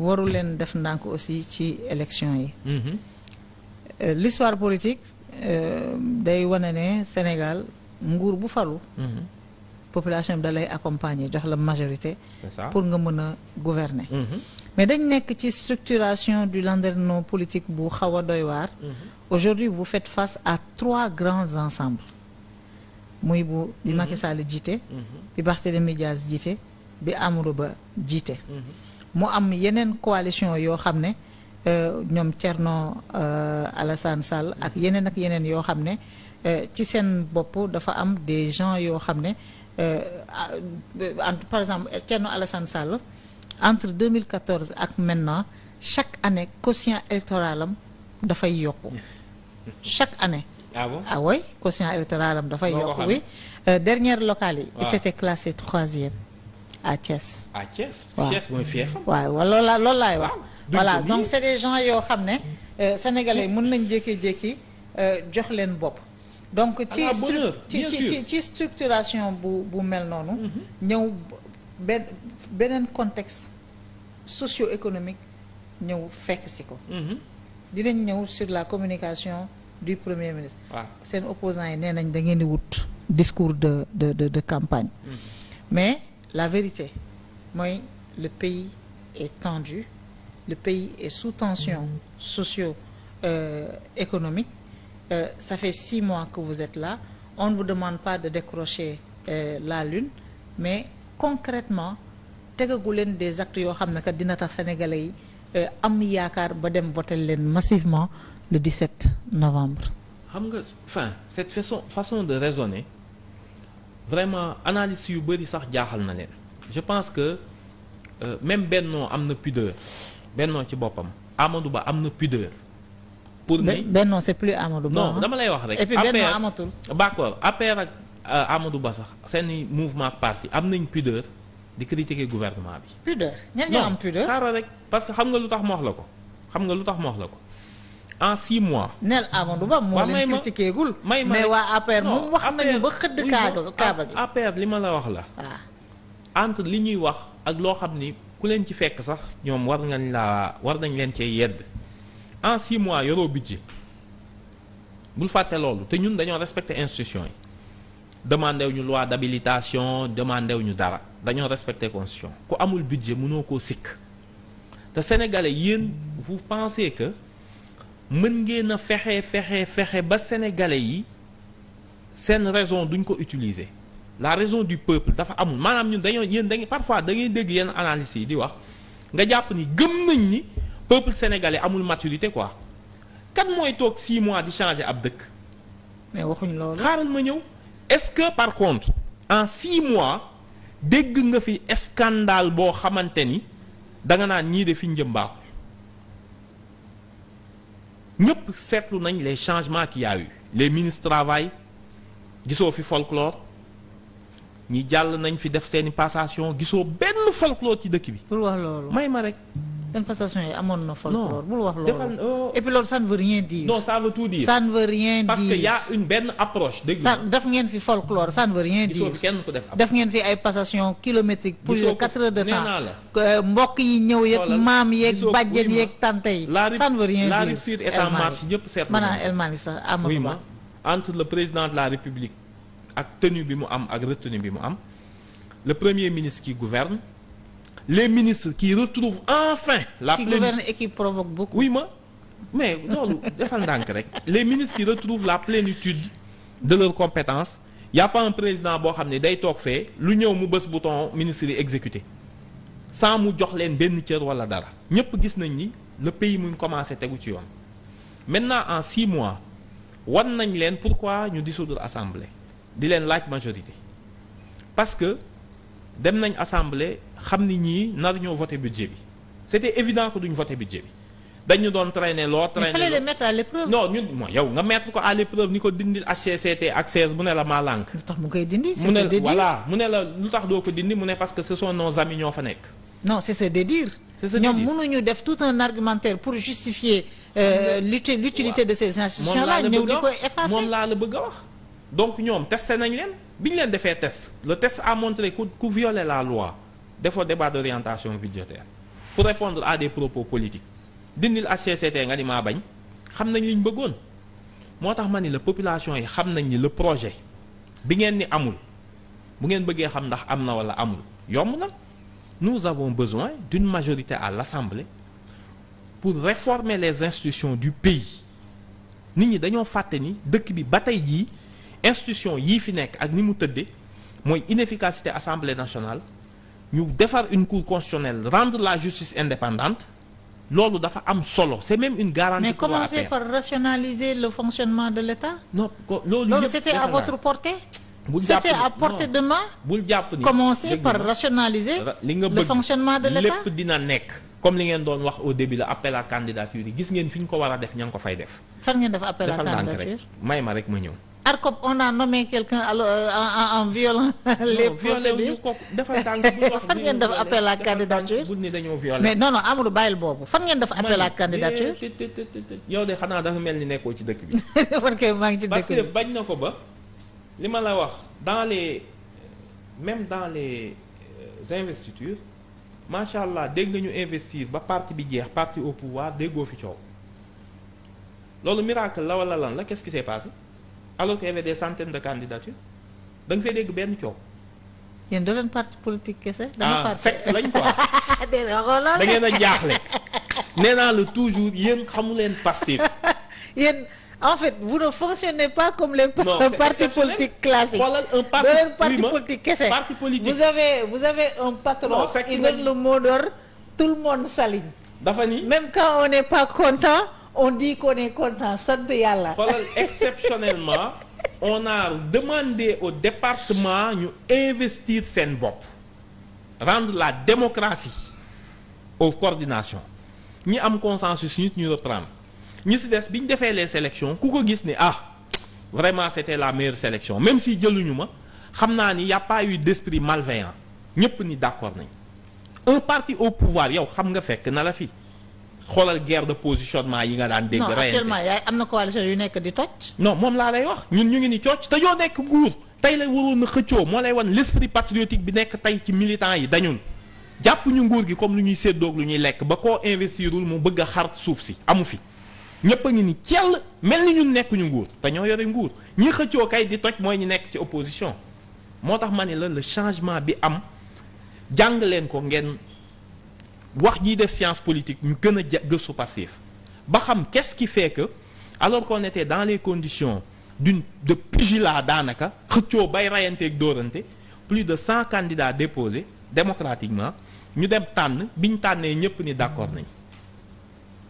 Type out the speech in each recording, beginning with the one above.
waru leen def ndànk aussi ci élection yi mhm. euh, l'histoire politique euh, day wane ne Sénégal nguur bu falu mhm. population bi da lay accompagner jox la majorité pour nga mën a gouverner mhm. mais dañ nekk ci structuration du landerneau politique bu xaw a doy waar aujourd'hui vous faites face à trois grands ensembles muy bu bi Macky Sall jiite bi Barthélémy Dias jiite bi Amadou Ba jiite mu am yeneen coalition yoo xam ne euh, ñoom Thierno euh, Alassane Sall ak yeneen ak yeneen yoo xam ne euh, ci seen bopp dafa am des gens yoo xam ne entre par exemple Thierno Alassane Sall entre deux mille 2014 ak maintenant chaque année quotient électoral am dafay yokk chaque année. ah bon ah am dafay yokku. oui dernière locale yi. Ah. c'était classé troisième. à Thiès. à Thiès. waaw Thiès mooy laay wax. Ah, voilà donc c'est des gens yoo xam ne euh, sénégalais mën nañ jékki-jékki euh, jox leen bopp. donc ci ci ci structuration bu bu mel noonu. Mhm. ñëw benn beneen contexte socio-économique ñëw fekk si ko. Mhm. dinañ ñëw sur la communication du premier ministre. seen opposants yi nee nañ da ngeen di wut discours de de de de campagne. Mhm. mais. la vérité mooy le pays est tendu le pays est sous tension mm-hmm. socio euh, économique euh, ça fait six mois que vous êtes là on ne vous demande pas de décrocher euh, la lune mais concrètement tegagu leen des actes yoo xam ne que dina tax sénégalais yi euh, am yaakaar ba dem voter leen massivement le 17 novembre. xam nga enfin cette façon façon de raisonner. vraiment analyse yu bëri sax jaaxal na leen je pense que euh, même Benno am na pudeur Benno ci boppam Amadou Ba am na pudeur. pour ni Benno c'est plus Amadou Ba. non dama lay wax rek. et puis Benno amatul. d'accord ak euh, Amadou Ba sax seeni mouvement parti am nañ pudeur di critiquer gouvernement bi. pudeur ñenn ñoo am pudeur non xaaral rek parce que xam nga lu tax ma wax la ko xam nga lu tax ma wax la ko. en six mois. nel Amadou ah, Ba moo leen critiqué gul may ma mais waa APR moom wax nañu ba xëdd kaaba kaaba gi li ma la wax la. Ah. entre li ñuy wax ak loo xam ni ku leen ci fekk sax ñoom war nañ laa war nañ leen cee yedd en six mois yoroo budget bul fàtte loolu te ñun dañoo respecté institution yi demandé wuñu loi d'habilitation demandé wuñu dara dañoo respecté constitution ku amul budget munoo koo sikk te sénégalais yéen vous pensez que. mën ngeen a fexe fexe fexe ba sénégalais yi seen raison duñ ko utiliser la raison du peuple dafa amul maanaam ñun dañoo yéen da parfois da ngay dégg yenn analyse yi di wax nga jàpp ni gëm nañ ni peuple sénégalais amul maturité quoi kan mooy toog 6 mois di changer ab dëkk. mais waxuñ loolu. xaaral ma ñëw est-ce que par contre en 6 mois dégg nga fi scandale boo xamante ni da nga naan ñii de fi njëm baaxul ñëpp seetlu nañ les changement qu'il y a eu les ministres travail gisoo fi folklore ñi jàll nañ fi def seeni passation gisoo benn folklore ci dëkk bi. pour wax loolu may ma rek. manifestation yi amoon na folklore bul wax loolu euh, et puis loolu ça ne veut rien dire. non ça rien dire parce que a une benn approche. dégg nga def ngeen fi folklore ça ne veut rien dire def ngeen fi ay passation kilométrique pour les quatre heures de temps euh, mbokk yi ñëw yeeg maam yeeg bàjjen yeeg tante yi ça ne rien dire la rupture est en marche ñëpp seet maanaam Elmani sax Amadou entre le président de la République ak tenu bi mu am ak retenue bi mu am le premier ministre qui gouverne les ministres qui retrouvent enfin la qui pleine... gouverne et qui provoque ma mais loolu defal ndànk rek les ministres qui retrouvent la plénitude de leurs compétences y président boo xam ne day toog fee lu ñëw mu bës bouton ministre yi exécuté sam mu jox leen benn cër wala dara ñëpp gis nañ ni le pays mu ngi commencé tegu ci yoon maintenant en six mois wan nañ leen pourquoi ñu dissoudre assemblée di leen laaj majorité parce dem nañ assemblée xam ni ñii nar ñoo voté budget bi c'était évident que duñu voté budget bi dañu doon traîner loo traîner loo mettre à mooy yow nga mettre ko à l'épreuve ni ko dindil HCCT ak CES mu ne la maa lu tax mu koy dindi mu ne voilà mu ne la lu tax doo ko dindi mu ne parce que ce sont nos amis ñoo fa nekk non c'est se dédire ñoom mënuñu def tout un argumentaire pour justifier euh, l'utilité de ces institutions là ñëw di ko effacer moom laa la bëgg a wax donc ñoom testé nañ leen bi ñu leen defee test le test a montré ku ku violer la loi defoo débat d'orientation budgétaire pour répondre à des propos politiques dindil HCCT nga ni maa bañ xam nañ liñ bëggoon moo tax ma ni la population yi xam nañ ni le projet bi ngeen ni amul bu ngeen bëggee xam ndax am na wala amul yomb na nous avons besoin d'une majorité à l'Assemblée pour réformer les institutions du pays nit ñi dañoo fàtte ni dëkk bi ba tey jii institution yii fi nekk ak ni mu tëddee mooy inefficacité assemblée nationale ñu defar une cour constitutionnelle rendre la justice indépendante loolu dafa am solo c'est même une garantie. mais commencer par rationaliser le fonctionnement de l'État. non loolu loolu c'était à votre portée. bul jàpp c'était à portée de main. bul jàpp ni commencer par rationaliser. li nga bëgg le fonctionnement de l'État lépp dina nekk. comme li ngeen doon wax au début la appel candidature yi gis ngeen fi ñu ko war def ña ngi ko fay def. fan ngeen def appel à may ma rek ma ñëw. ARCOP on a nommé quelqu'un euh, en en violant les procédures fan ngeen def appel à candidature mais non non Amadou bàyyil boobu fan ngeen def appel à eh, candidature. yow de xanaa dafa mel ni nekkoo ci dëkk bi. fan kay maa ngi ci dëkk bi na ko ba li ma la wax dans les même dans les euh, investitures macha allah dégg nga ñu investir ba parti bi jeex parti au pouvoir déggoo fi coow loolu miracle la wala lan la qu'est-ce qui alors qu'il des centaines de candidatures da dégg benn coow. yéen doo leen parti politique kese. dama ah, parti fekk lañ quoi. da ngeen a jaaxle. nee naa la toujours yéen xamu leen Pastef. yéen en fait vous ne fonctionnez pas comme les. non partis politiques classiques. xoolal un parti doo leen parti politique kese. parti politique un patron. il donne le mot d'ordre tout le monde s'aligne. dafa ni même quand on n'est pas content. on di qu'on est content sant yàlla. xoolal exceptionnellement on a demandé au département ñu investir seen bopp rendre la démocratie au coordinations ñi am consensus nit ñu reprendre ñi si des bi ñu defee les sélections ku ko gis ni ah vraiment c'était la meilleure sélection même si jëluñu ma xam naa ni y a pas eu d'esprit malveillant ñëpp ni d'accord nañ un parti au pouvoir yow xam nga fekk na la fi. xoolal guerre de positionnement yi nga daan dégg. reyante non actuellement yaay am na coalition yu nekk di toj. non moom laa lay wax ñun ñu ngi ni cooc te yoo nekk nguur tey la waroon na xëccoo moo lay wan l' esprit patriotique bi nekk tey ci militant yi dañun jàpp ñu nguur gi comme lu ñuy séddoog lu ñuy lekk ba koo investirul mu bëgg a xar suuf si amu fi ñëpp a ngi ni cell mel ni ñun nekkuñu nguur te ñoo yore nguur ñi xëccoo kay di toj mooy ñi nekk ci opposition moo tax ma ne la changement bi am jàng leen ko ngeen. wax ñiy def science politique ñu gën a gëstu passif ba xam kes ce qui fait alors qu'on dans les conditions d'une de pugilat daanaka xëccoo bay rayanteeg dóorante plus de cent candidats déposés démocratiquement ñu dem tànn bi ñu tànnee ñëpp ni d'accord nañ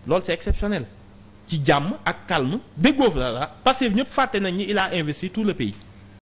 loolu c'est exceptionnel ci jàmm ak calme déggoo la la Pastef ñëpp fàtte nañ ni il a investi tout le pays